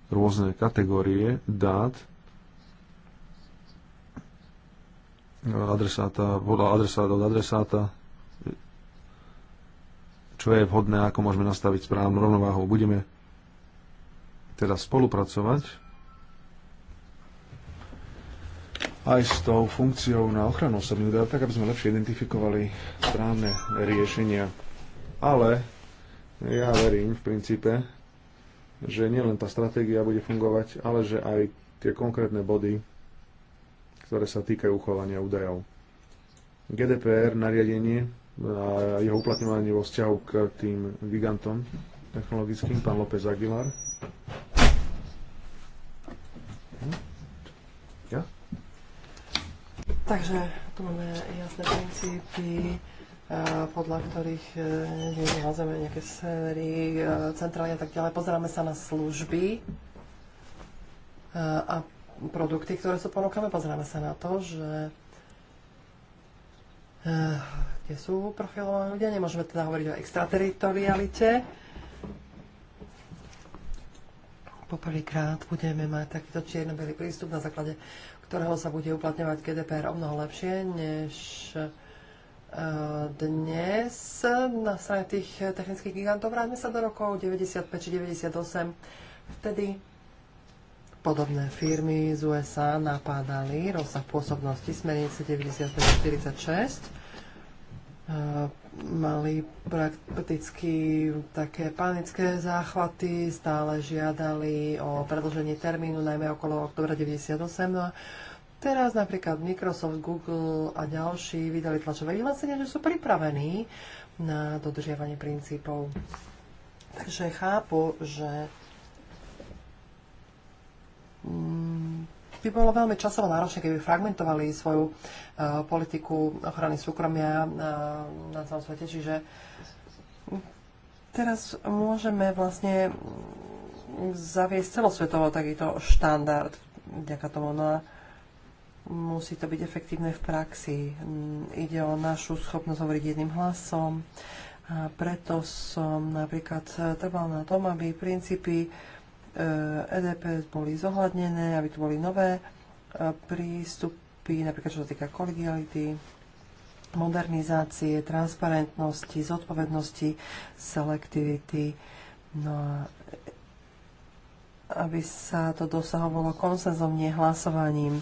rôzne kategórie dát, adresáta, podľa adresáta od adresáta, čo je vhodné, ako môžeme nastaviť správnu rovnováhu. Budeme teda spolupracovať aj s tou funkciou na ochranu osobných dát, tak aby sme lepšie identifikovali správne riešenia. Ale ja verím v princípe, že nielen tá stratégia bude fungovať, ale že aj tie konkrétne body ktoré sa týkajú uchovania údajov. GDPR nariadenie a jeho uplatňovanie vo vzťahu k tým gigantom technologickým, pán López Aguilar. Ja? Takže tu máme jasné princípy, eh, podľa ktorých eh, nevyhľadzame nejaké servery, eh, centrálne, a tak ďalej. Pozeráme sa na služby a produkty, ktoré sú ponúkame, Pozrieme sa na to, že eh, kde sú profilované ľudia. Nemôžeme teda hovoriť o extrateritorialite. Poprvýkrát budeme mať takýto čierno prístup, na základe ktorého sa bude uplatňovať GDPR o mnoho lepšie, než eh, dnes na strane tých technických gigantov. Vráťme sa do rokov 95 či 98. Vtedy Podobné firmy z USA napádali rozsah pôsobnosti smernice 9546 mali prakticky také panické záchvaty, stále žiadali o predlženie termínu, najmä okolo oktobra 98. No teraz napríklad Microsoft, Google a ďalší vydali tlačové vyhlásenie, že sú pripravení na dodržiavanie princípov. Takže chápu, že Mm, by bolo veľmi časovo náročné, keby fragmentovali svoju uh, politiku ochrany súkromia e, na celom svete. Čiže teraz môžeme vlastne zaviesť celosvetovo takýto štandard vďaka tomu. No a musí to byť efektívne v praxi. Mm, ide o našu schopnosť hovoriť jedným hlasom. A preto som napríklad e, trval na tom, aby princípy uh, EDPS e boli zohľadnené, aby tu boli nové e, prístupy, napríklad čo sa týka kolegiality, modernizácie, transparentnosti, zodpovednosti, selektivity. No a aby sa to dosahovalo konsenzom, nie hlasovaním.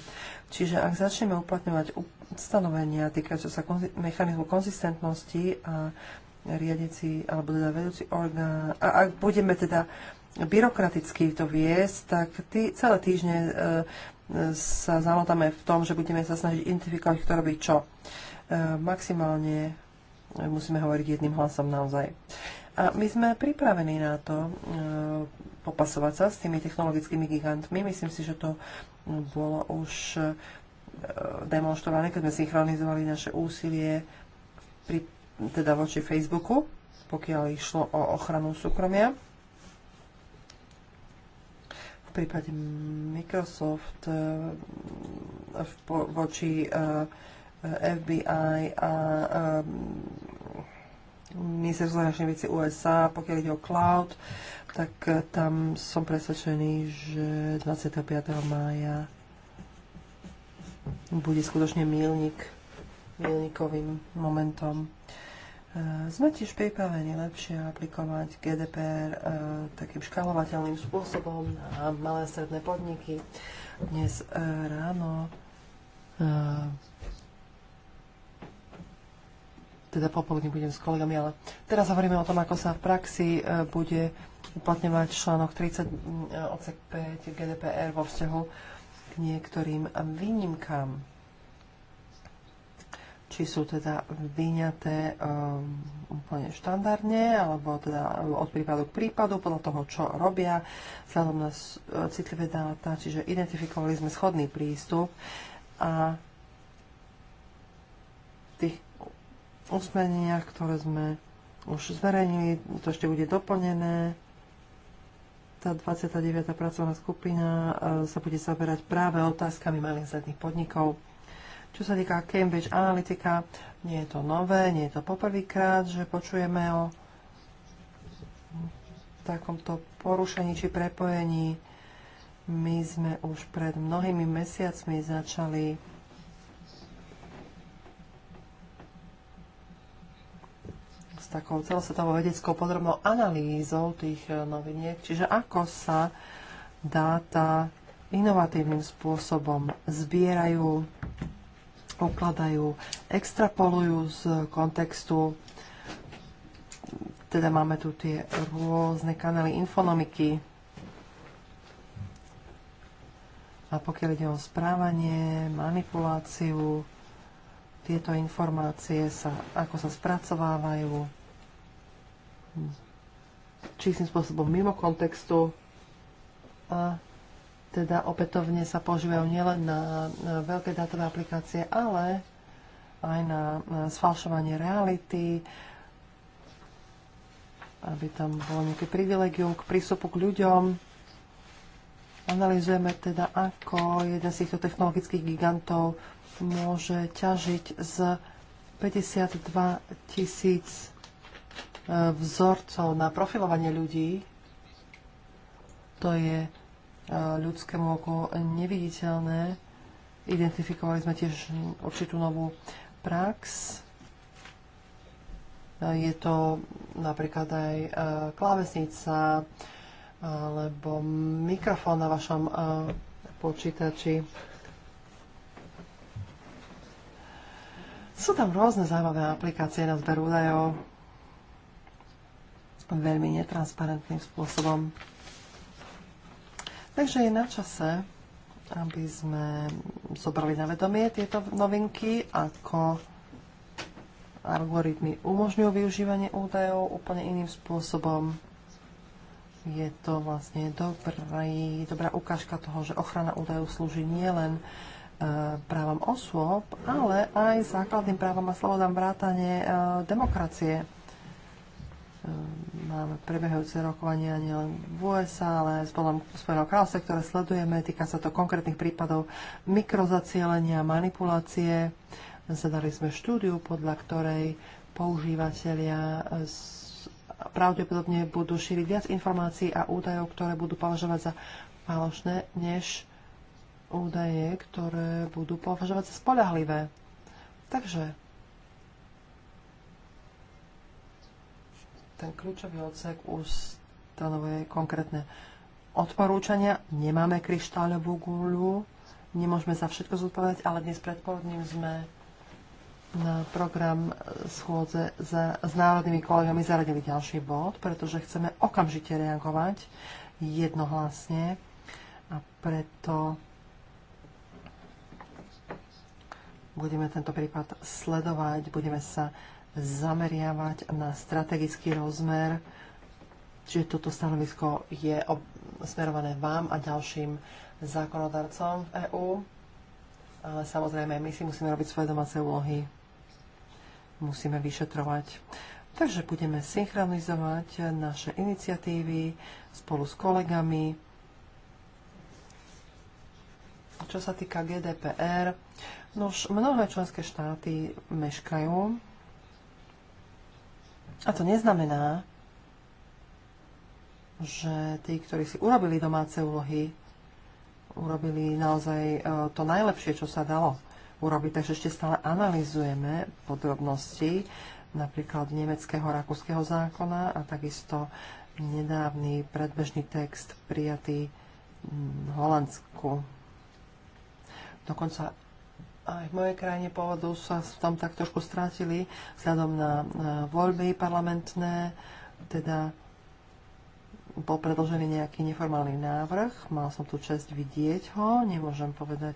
Čiže ak začneme uplatňovať ustanovenia týkajúce sa konzi- mechanizmu konzistentnosti a riadeci, alebo teda vedúci orgán, a ak budeme teda byrokraticky to viesť, tak tý, celé týždne e, sa zamotáme v tom, že budeme sa snažiť identifikovať, kto robí čo. E, maximálne e, musíme hovoriť jedným hlasom naozaj. A my sme pripravení na to e, popasovať sa s tými technologickými gigantmi. Myslím si, že to e, bolo už e, demonstrované, keď sme synchronizovali naše úsilie pri, teda voči Facebooku, pokiaľ išlo o ochranu súkromia v prípade Microsoft eh, voči eh, FBI a eh, ministerstvo zahraničných vecí USA, pokiaľ ide o cloud, tak tam som presvedčený, že 25. mája bude skutočne milník, milníkovým momentom. E, sme tiež pripravení lepšie aplikovať GDPR e, takým škálovateľným spôsobom na malé a stredné podniky. Dnes e, ráno, teda popoludne budem s kolegami, ale teraz hovoríme o tom, ako sa v praxi bude uplatňovať článok 30 odsek 5 GDPR vo vzťahu k niektorým výnimkám či sú teda vyňaté um, úplne štandardne, alebo teda od prípadu k prípadu, podľa toho, čo robia, vzhľadom na e, citlivé dáta, čiže identifikovali sme schodný prístup a v tých usmerneniach, ktoré sme už zverejnili, to ešte bude doplnené, tá 29. pracovná skupina e, sa bude zaberať práve otázkami malých zadných podnikov čo sa týka Cambridge Analytica, nie je to nové, nie je to poprvýkrát, že počujeme o takomto porušení či prepojení. My sme už pred mnohými mesiacmi začali s takou celosvetovou vedeckou podrobnou analýzou tých eh, noviniek, čiže ako sa dáta inovatívnym spôsobom zbierajú, pokladajú, extrapolujú z kontextu. Teda máme tu tie rôzne kanály infonomiky. A pokiaľ ide o správanie, manipuláciu, tieto informácie sa, ako sa spracovávajú, čistým spôsobom mimo kontextu a teda opätovne sa používajú nielen na veľké dátové aplikácie, ale aj na sfalšovanie reality, aby tam bolo nejaké privilegium k prístupu k ľuďom. Analizujeme teda, ako jeden z týchto technologických gigantov môže ťažiť z 52 tisíc e, vzorcov na profilovanie ľudí. To je ľudskému oku neviditeľné. Identifikovali sme tiež určitú novú prax. No, je to napríklad aj e, klávesnica alebo mikrofón na vašom e, počítači. Sú tam rôzne zaujímavé aplikácie na zber údajov veľmi netransparentným spôsobom. Takže je na čase, aby sme zobrali na vedomie tieto novinky, ako algoritmy umožňujú využívanie údajov úplne iným spôsobom. Je to vlastne dobrý, dobrá ukážka toho, že ochrana údajov slúži nielen e, právam osôb, ale aj základným právom a slobodám vrátane e, demokracie. E, Máme prebehajúce rokovania nielen v USA, ale aj s Bodom Spojeného kráľovstva, ktoré sledujeme. Týka sa to konkrétnych prípadov mikrozacielenia, manipulácie. Zadali sme štúdiu, podľa ktorej používateľia pravdepodobne budú šíriť viac informácií a údajov, ktoré budú považovať za falošné, než údaje, ktoré budú považovať za spolahlivé. Takže ten kľúčový odsek ustanovuje konkrétne odporúčania. Nemáme kryštáľovú guľu, nemôžeme za všetko zodpovedať, ale dnes predpoludním sme na program schôdze za, s národnými kolegami zaradili ďalší bod, pretože chceme okamžite reagovať jednohlasne a preto budeme tento prípad sledovať, budeme sa zameriavať na strategický rozmer. Čiže toto stanovisko je smerované vám a ďalším zákonodarcom v EÚ. Ale samozrejme, my si musíme robiť svoje domáce úlohy. Musíme vyšetrovať. Takže budeme synchronizovať naše iniciatívy spolu s kolegami. Čo sa týka GDPR, nož mnohé členské štáty meškajú a to neznamená, že tí, ktorí si urobili domáce úlohy, urobili naozaj e, to najlepšie, čo sa dalo urobiť. Takže ešte stále analizujeme podrobnosti napríklad nemeckého rakúskeho zákona a takisto nedávny predbežný text prijatý v Holandsku. Dokonca aj v mojej krajine pôvodu sa tam tak trošku strátili vzhľadom na, voľby parlamentné, teda bol predložený nejaký neformálny návrh, mal som tu čest vidieť ho, nemôžem povedať,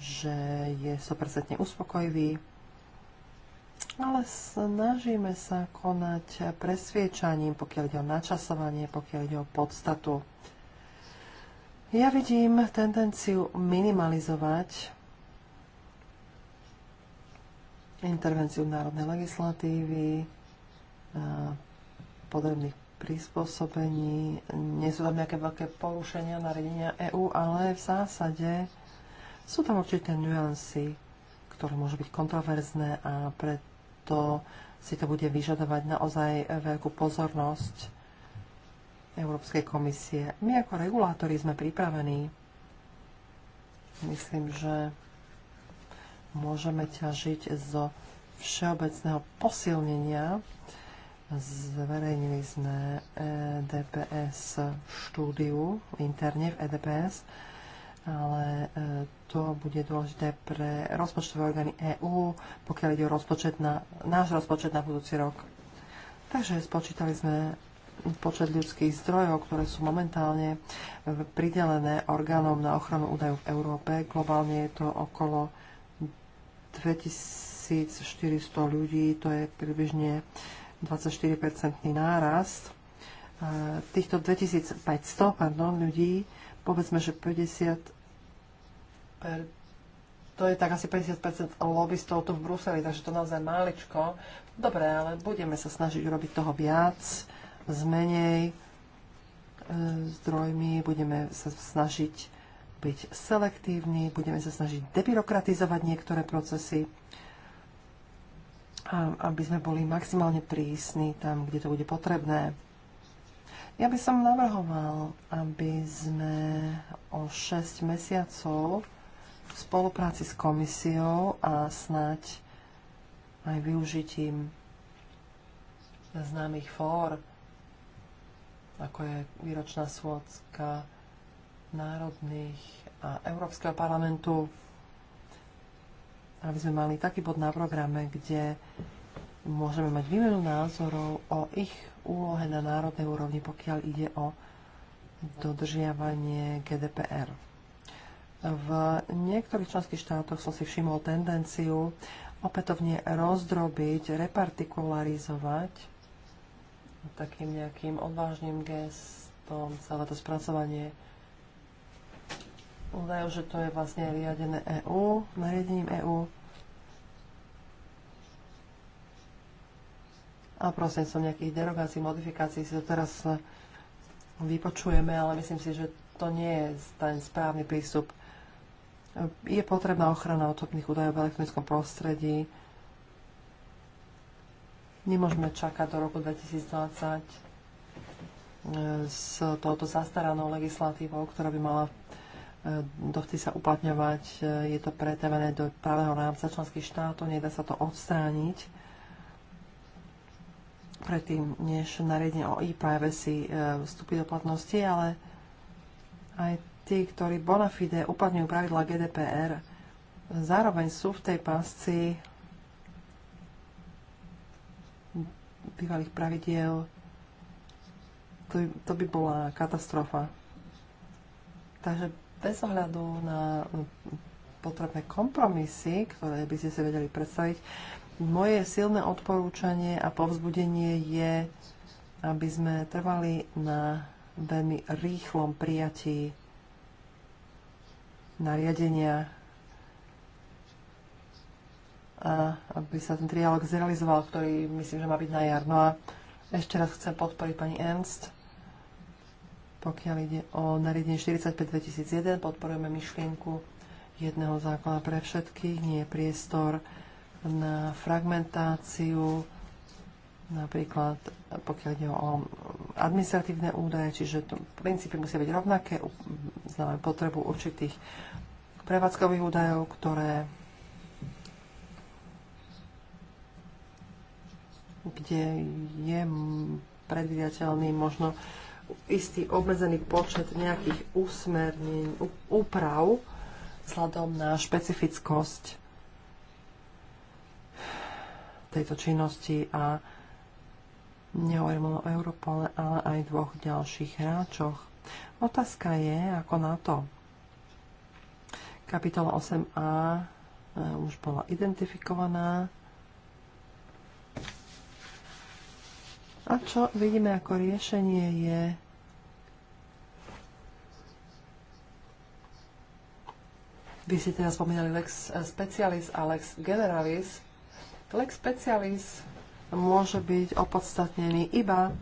že je 100% uspokojivý, ale snažíme sa konať presviečaním, pokiaľ ide o načasovanie, pokiaľ ide o podstatu. Ja vidím tendenciu minimalizovať intervenciu národnej legislatívy, podrobných prispôsobení. Nie sú tam nejaké veľké porušenia nariadenia EÚ, ale v zásade sú tam určité nuancy, ktoré môžu byť kontroverzné a preto si to bude vyžadovať naozaj veľkú pozornosť Európskej komisie. My ako regulátori sme pripravení. Myslím, že môžeme ťažiť zo všeobecného posilnenia. Zverejnili sme EDPS štúdiu interne v EDPS, ale e, to bude dôležité pre rozpočtové orgány EÚ, pokiaľ ide o rozpočet na, náš rozpočet na budúci rok. Takže spočítali sme počet ľudských zdrojov, ktoré sú momentálne e, pridelené orgánom na ochranu údajov v Európe. Globálne je to okolo 2400 ľudí, to je približne 24-percentný nárast. Týchto 2500 pardon, ľudí, povedzme, že 50 per, to je tak asi 50% lobbystov tu v Bruseli, takže to naozaj máličko. Dobre, ale budeme sa snažiť urobiť toho viac, zmenej e, zdrojmi, budeme sa snažiť byť selektívni, budeme sa snažiť debirokratizovať niektoré procesy, aby sme boli maximálne prísni tam, kde to bude potrebné. Ja by som navrhoval, aby sme o 6 mesiacov v spolupráci s komisiou a snať aj využitím známych fór, ako je výročná schôdzka národných a Európskeho parlamentu, aby sme mali taký bod na programe, kde môžeme mať výmenu názorov o ich úlohe na národnej úrovni, pokiaľ ide o dodržiavanie GDPR. V niektorých členských štátoch som si všimol tendenciu opätovne rozdrobiť, repartikularizovať takým nejakým odvážnym gestom celé to spracovanie údajov, že to je vlastne riadené EU, nariadením EU. A prosím som nejakých derogácií, modifikácií si to teraz eh, vypočujeme, ale myslím si, že to nie je ten správny prístup. Je potrebná ochrana otopných údajov v elektronickom prostredí. Nemôžeme čakať do roku 2020 eh, s touto zastaranou legislatívou, ktorá by mala E, to chce sa uplatňovať, e, je to pretavené do právneho rámca členských štátov, nedá sa to odstrániť predtým, než nariadenie o e-privacy e, vstúpi do platnosti, ale aj tí, ktorí bona fide uplatňujú pravidla GDPR, zároveň sú v tej pasci bývalých pravidiel. To, to by bola katastrofa. Takže bez ohľadu na mm, potrebné kompromisy, ktoré by ste si vedeli predstaviť, moje silné odporúčanie a povzbudenie je, aby sme trvali na veľmi rýchlom prijatí nariadenia a aby sa ten trialog zrealizoval, ktorý myslím, že má byť na jar. No a ešte raz chcem podporiť pani Ernst pokiaľ ide o nariadenie 45-2001, podporujeme myšlienku jedného zákona pre všetkých, nie je priestor na fragmentáciu, napríklad pokiaľ ide o administratívne údaje, čiže to, princípy musia byť rovnaké, znamená potrebu určitých prevádzkových údajov, ktoré kde je predvidateľný možno istý obmedzený počet nejakých usmernení, úprav vzhľadom na špecifickosť tejto činnosti a nehovorím o Europole, ale aj dvoch ďalších hráčoch. Otázka je, ako na to. Kapitola 8a eh, už bola identifikovaná A čo vidíme ako riešenie je Vy ste teraz spomínali lex specialis a lex generalis. Lex specialis môže byť opodstatnený iba,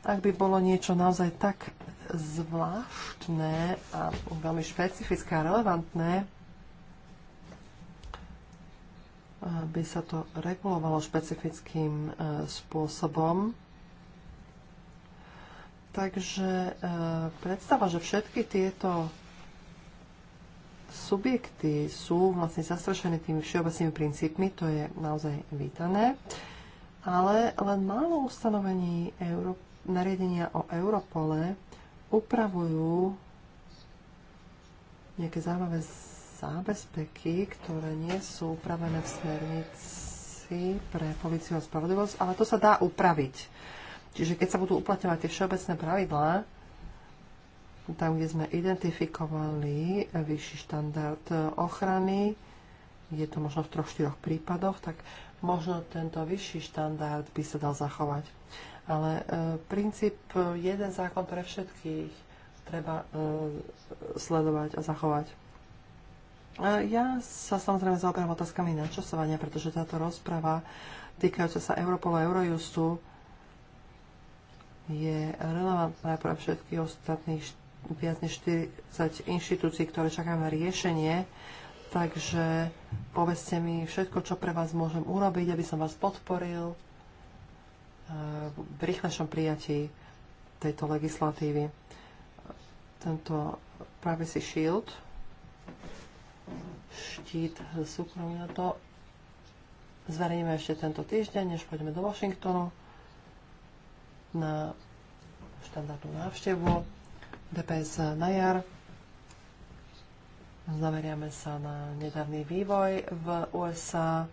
ak by bolo niečo naozaj tak zvláštne a veľmi špecifické a relevantné, by sa to regulovalo špecifickým e, spôsobom. Takže e, predstava, že všetky tieto subjekty sú vlastne zastrašené tými všeobecnými princípmi, to je naozaj vítané, ale len málo ustanovení Euró- nariadenia o Europole upravujú nejaké zaujímavé zábezpeky, ktoré nie sú upravené v smernici pre policiu a spravodlivosť, ale to sa dá upraviť. Čiže keď sa budú uplatňovať tie všeobecné pravidlá, tam, kde sme identifikovali vyšší štandard ochrany, je to možno v troch, štyroch prípadoch, tak možno tento vyšší štandard by sa dal zachovať. Ale e, princíp e, jeden zákon pre všetkých treba e, sledovať a zachovať. E, ja sa samozrejme zaoberám otázkami načasovania, pretože táto rozprava týkajúca sa Europolu a Eurojustu je relevantná pre všetky ostatných viac než 40 inštitúcií, ktoré čakajú na riešenie. Takže povedzte mi všetko, čo pre vás môžem urobiť, aby som vás podporil e, v rýchlejšom prijatí tejto legislatívy. Tento Privacy Shield štít súkromia. To zverejníme ešte tento týždeň, než pôjdeme do Washingtonu na štandardnú návštevu DPS na jar. Zameriame sa na nedávny vývoj v USA,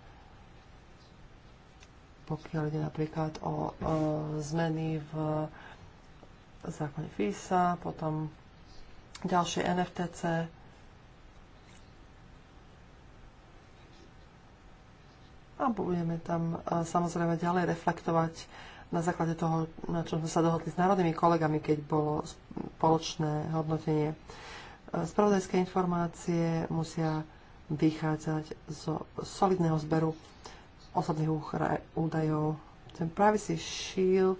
pokiaľ ide napríklad o, o zmeny v zákone FISA, potom ďalšie NFTC, a budeme tam samozrejme ďalej reflektovať na základe toho, na čom sme sa dohodli s národnými kolegami, keď bolo spoločné hodnotenie. Spravodajské informácie musia vychádzať zo solidného zberu osobných údajov. Ten Privacy Shield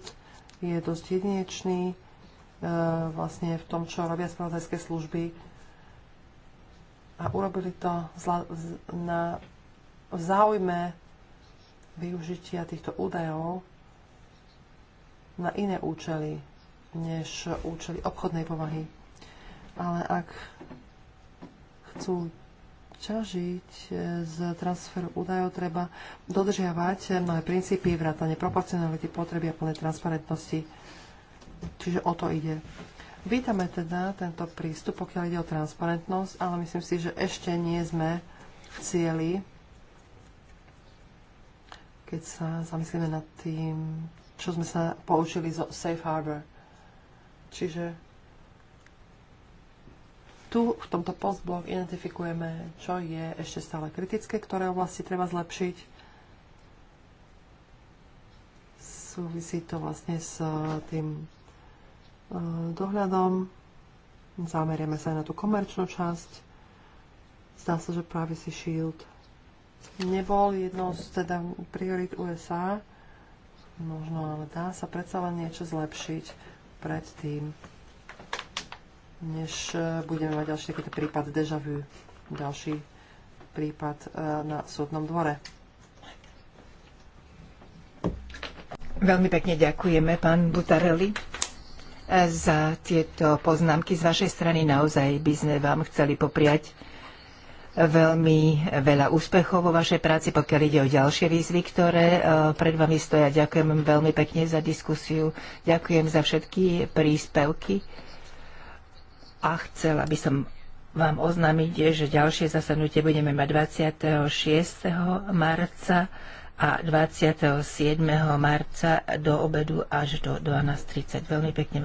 je dosť jedinečný e, vlastne v tom, čo robia spravodajské služby a urobili to na, v záujme využitia týchto údajov na iné účely, než účely obchodnej povahy. Ale ak chcú ťažiť e, z transferu údajov, treba dodržiavať mnohé princípy, vrátane proporcionality, potreby a plnej transparentnosti. Čiže o to ide. Vítame teda tento prístup, pokiaľ ide o transparentnosť, ale myslím si, že ešte nie sme v cieli keď sa zamyslíme nad tým, čo sme sa poučili zo Safe Harbor. Čiže tu v tomto postblog identifikujeme, čo je ešte stále kritické, ktoré oblasti treba zlepšiť. Súvisí to vlastne s e, tým e, dohľadom. Zameriame sa aj na tú komerčnú časť. Zdá sa, že Privacy Shield nebol jednou z teda priorit USA. Možno, ale dá sa predsa len niečo zlepšiť predtým, než e, budeme mať ďalší takýto prípad deja vu, ďalší prípad e, na súdnom dvore. Veľmi pekne ďakujeme, pán Butarelli, e, za tieto poznámky z vašej strany. Naozaj by sme vám chceli popriať veľmi veľa úspechov vo vašej práci, pokiaľ ide o ďalšie výzvy, ktoré e, pred vami stoja. Ďakujem veľmi pekne za diskusiu, ďakujem za všetky príspevky a chcela by som vám oznámiť, že ďalšie zasadnutie budeme mať 26. marca a 27. marca do obedu až do 12.30. Veľmi pekne vám